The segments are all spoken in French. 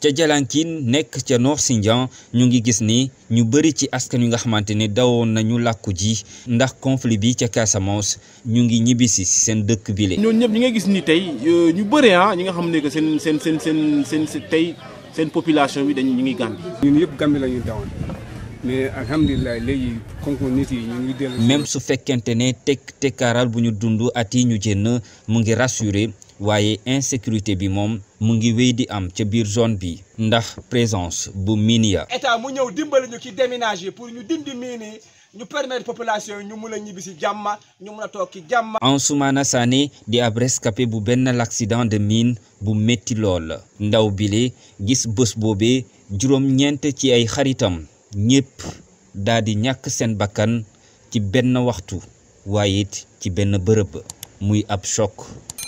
ca Jalankin nekk ca Nord Sindian ñu ngi gis ni ñu bëri ci askan wi nga xamante ni dawoon nañu làkku ji ndax conflit bi ca casamons ñu ngi ñibbisi si seen dëkk bile. ñooñu ñëpp ñi nga gis ni tey euh, ñu bëri ah ñi nga xam ne seen seen seen seen tey seen population bi dañu ñu ngi Gàmbi. ñun yëpp Gàmbi la ñu su fekkente ne tek tekkaaral bu ñu dund at yi ñu jënn mu ngi rassuré. waye insécurité bi mom, mu ngi wéy di am biir zone bi ndax présence bu minia. état mu pour ñu dindi population ñu a jamma. si ñu mëna a En di l'accident de mine bu metti lool ndaw gis bëss bobé juroom ñent ci ay xaritam ñepp daal di ñàkk seen bakkan ci benn waxtu y ci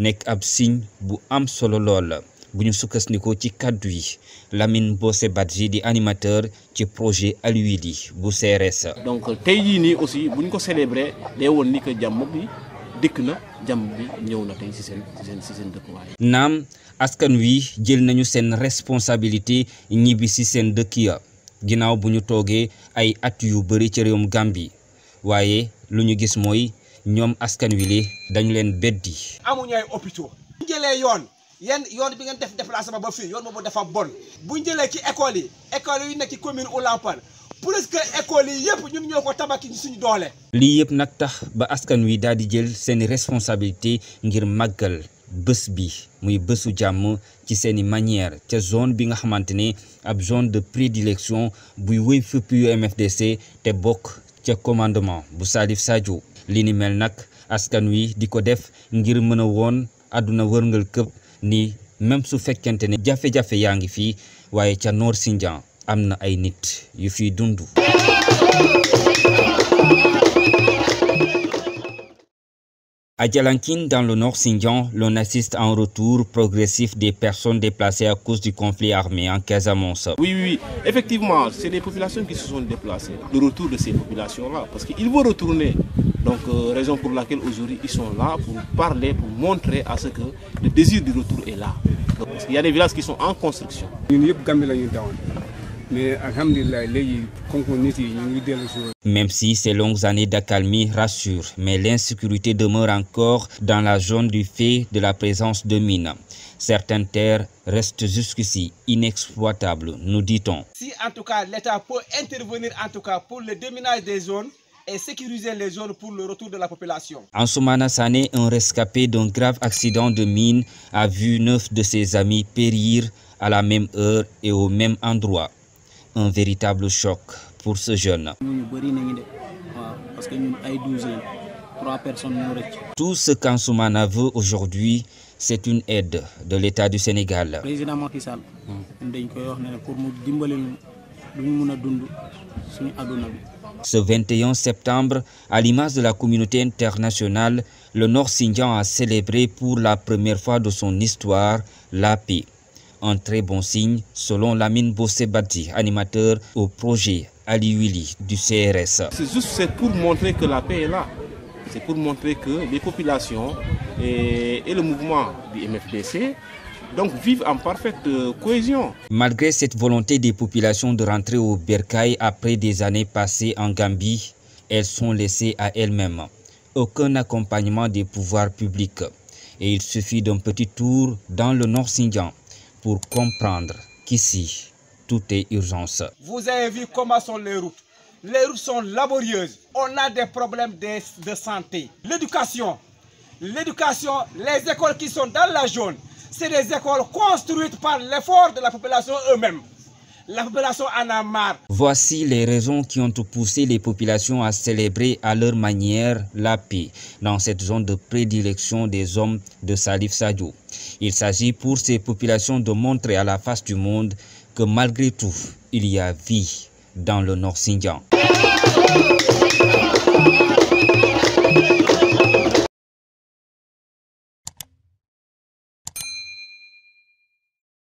nekk ab signe bu am solo lool bu ñu sukkandikoo ci kàddu yi Lamine Bossé Badji di animateur ci projet Alwidi bu CRS. donc tey jii aussi bu ko célébrer day woon ni que jàmm dikk na jàmm ñëw na tey ci seen ci seen naam askan wi jël nañu seen responsabilité ñibbi ci seen dëkk ya ginnaaw bu ñu toogee ay at yu bari ci réewum Gambie waaye lu ñu gis mooy. ñom askan wi li dañ leen beddi. hôpitaux. bu yoon yeen yoon bi ngeen def ba yoon dafa école école yi nekk commune école yi ñun ci suñu responsabilité ngir magal bëss bi muy bëssu qui ci une manière ci zone bi nga ab zone de prédilection buy MFDC te bokk ci commandement bu Salif Sadio lini NAC, mel nak askan wi diko def ngir ni même su kentene djafe Djafe-Djafe-Yangifi, yaangi fi waye ca Nord Sindian Amna-Ainit, ay nit yu À Djalankin, dans le nord Xinjiang, l'on assiste à un retour progressif des personnes déplacées à cause du conflit armé en Casamance. Oui, oui, oui. effectivement, c'est les populations qui se sont déplacées. Le retour de ces populations-là, parce qu'ils vont retourner donc, euh, raison pour laquelle aujourd'hui ils sont là pour parler, pour montrer à ce que le désir du retour est là. Il y a des villages qui sont en construction. Même si ces longues années d'accalmie rassurent, mais l'insécurité demeure encore dans la zone du fait de la présence de mines. Certaines terres restent jusqu'ici inexploitables, nous dit-on. Si en tout cas l'État peut intervenir en tout cas pour le déminage des zones, et sécuriser les zones pour le retour de la population. Ansoumana Sané, un rescapé d'un grave accident de mine, a vu neuf de ses amis périr à la même heure et au même endroit. Un véritable choc pour ce jeune. parce que trois personnes Tout ce qu'Ansoumana veut aujourd'hui, c'est une aide de l'État du Sénégal. président hmm. Ce 21 septembre, à l'image de la communauté internationale, le Nord Xinjiang a célébré pour la première fois de son histoire la paix. Un très bon signe, selon Lamine Bossebadi, animateur au projet Aliwili du CRS. C'est juste pour montrer que la paix est là. C'est pour montrer que les populations et le mouvement du MFDC donc vivent en parfaite euh, cohésion. Malgré cette volonté des populations de rentrer au Berkay après des années passées en Gambie, elles sont laissées à elles-mêmes. Aucun accompagnement des pouvoirs publics. Et il suffit d'un petit tour dans le Nord Singan pour comprendre qu'ici, tout est urgence. Vous avez vu comment sont les routes. Les routes sont laborieuses. On a des problèmes de, de santé. L'éducation. L'éducation, les écoles qui sont dans la zone, c'est des écoles construites par l'effort de la population eux-mêmes. La population en Voici les raisons qui ont poussé les populations à célébrer à leur manière la paix dans cette zone de prédilection des hommes de Salif Sadio. Il s'agit pour ces populations de montrer à la face du monde que malgré tout, il y a vie dans le Nord Sindian.